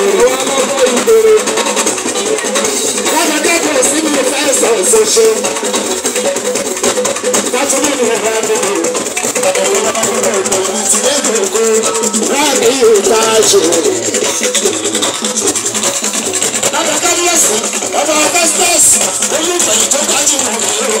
lòrò ọlọ́wọ́ ìgboro. Wọ́n kẹ́kọ̀ọ́ sí mi fẹ́sàn ṣoṣo. Fátúmọ̀ ni ẹ̀rọ àbúrò. Ẹ̀rọ àbúrò ìgbòho ti lẹ́gbẹ̀ẹ́ kó. Láàbí ìta ṣe. Bàbá Kábíyèsí, Bàbá Augustus, olùfẹ̀yìn tó kájú mọ̀ ní ìlú.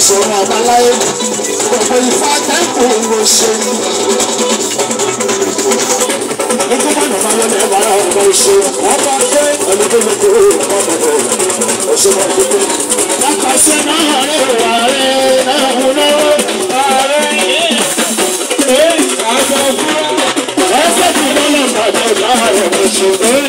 sọ̀rọ̀ àbáláyé gbogbo ìfá tẹ́kù ló ṣe. Nígbà máa nà máa wọlé wàrà ọ̀pọ̀ ìṣe, wọ́n bá dé ẹni tó lè kúrò ọ̀pọ̀ ọ̀pọ̀ ọ̀ṣẹ́ máa dé dé. Lákàṣẹ́ náà rẹ̀ wà rẹ̀ náà mú náà ààrẹ yìí. Ẹ àjọ fún ẹsẹ̀ tí wọ́n lọ bàjẹ́ láàárọ̀ ọ̀ṣẹ́.